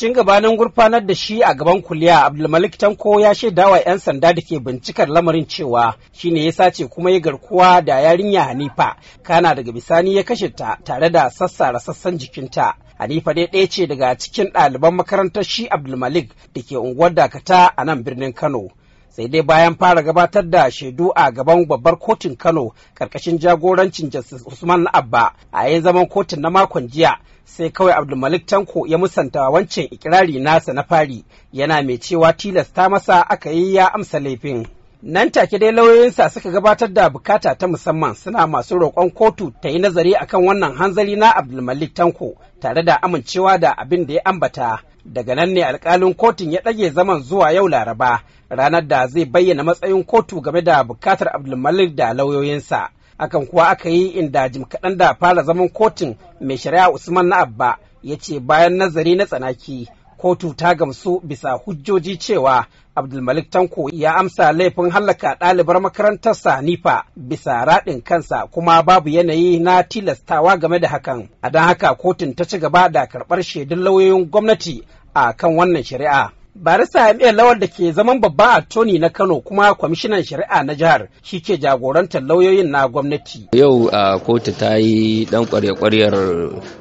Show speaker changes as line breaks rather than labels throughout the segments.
cin gabanin gurfanar da shi a gaban kuliya Abdulmalik Tanko ya shaida wa 'yan sanda da ke bincikar lamarin cewa shi ne ya sace kuma ya garkuwa da yarinya Hanifa, kana daga bisani ya kashe ta tare da sassara sassan jikinta. Hanifa dai ɗaya ce daga cikin ɗaliban makarantar shi Abdulmalik da ke unguwar Dakata a nan birnin Kano. sai dai bayan fara gabatar da shaidu a gaban babbar kotun kano karkashin jagorancin justice usman abba a yayin zaman kotun na makon jiya sai kawai abdulmalik tanko ya musanta wancan ikirari nasa na fari yana mai cewa tilasta masa aka yi ya amsa laifin nan take dai lauyoyinsa suka gabatar da bukata ta musamman suna masu roƙon kotu ta yi nazari akan wannan hanzari na abdulmalik tanko tare da amincewa da abin da ya ambata daga nan ne alkalin kotun ya ɗage zaman zuwa yau laraba ranar da zai bayyana matsayin kotu game da bukatar abdulmalik da lauyoyinsa akan kuwa aka yi inda jim kaɗan da fara zaman kotun mai shari'a usman na abba ya ce bayan nazari na tsanaki kotu ta gamsu bisa hujjoji cewa abdulmalik tanko ya amsa laifin hallaka ɗalibar makarantar nifa bisa raɗin kansa kuma babu yanayi na tilastawa game da hakan a don haka kotun ta ci gaba da karɓar shaidun lauyoyin gwamnati a kan wannan shari'a barista Amiyar Lawal da ke zaman babba a Tony na Kano kuma kwamishinan shari'a na jihar shi ke jagorantar lauyoyin na gwamnati.
Yau a kotu ta yi dan kwarya-kwaryar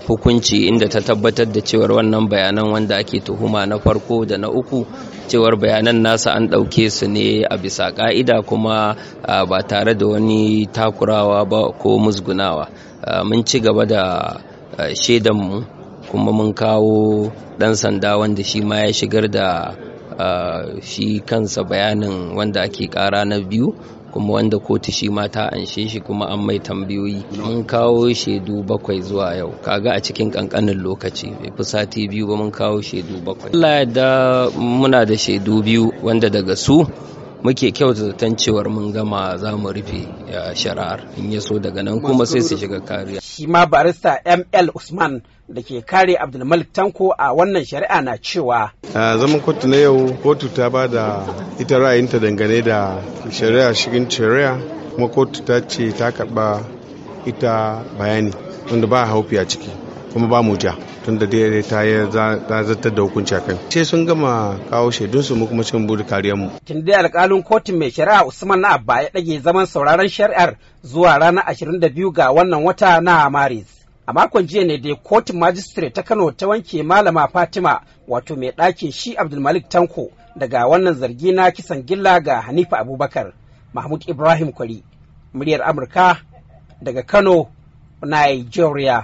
hukunci inda ta tabbatar da cewar wannan bayanan wanda ake tuhuma na farko da na uku cewar bayanan nasa an ɗauke su ne a bisa ka'ida kuma ba tare da wani takurawa ba ko musgunawa. Mun ci gaba da shaidanmu kuma mun kawo ɗan sanda wanda shi ma ya shigar da shi kansa bayanin wanda ake kara na biyu kuma wanda kotu shi ma ta anshe shi kuma an mai tambayoyi mun kawo shaidu bakwai zuwa yau kaga a cikin kankanin lokaci bai fi sati biyu ba mun kawo shaidu bakwai Allah da muna da shaidu biyu wanda daga su muke kyauta zaton cewar mun gama za mu rufe eh, shari'ar in ya so daga nan kuma sai su shiga kariya.
shi ma barista ml usman da ke kare abdulmalik tanko a wannan shari'a na cewa
a zaman kotu na yau kotu ta ba da ita ra'ayinta dangane da shari'a shigin shari'a kuma kotu ta ce ta karba ita bayani wanda ba haufi a ciki kuma ba mu ja tun da dai ta yi zartar da hukunci a kai sai sun gama kawo shaidun su mu kuma cin buri kariyar
tun dai alƙalin kotun mai shari'a Usman na Abba ya ɗage zaman sauraron shari'ar zuwa ranar biyu ga wannan wata na Maris a makon jiya ne dai kotun majistare ta kano ta wanke malama fatima wato mai ɗakin shi abdulmalik tanko daga wannan zargi na kisan gilla ga hanifa abubakar mahmud ibrahim kwari muryar amurka daga kano nigeria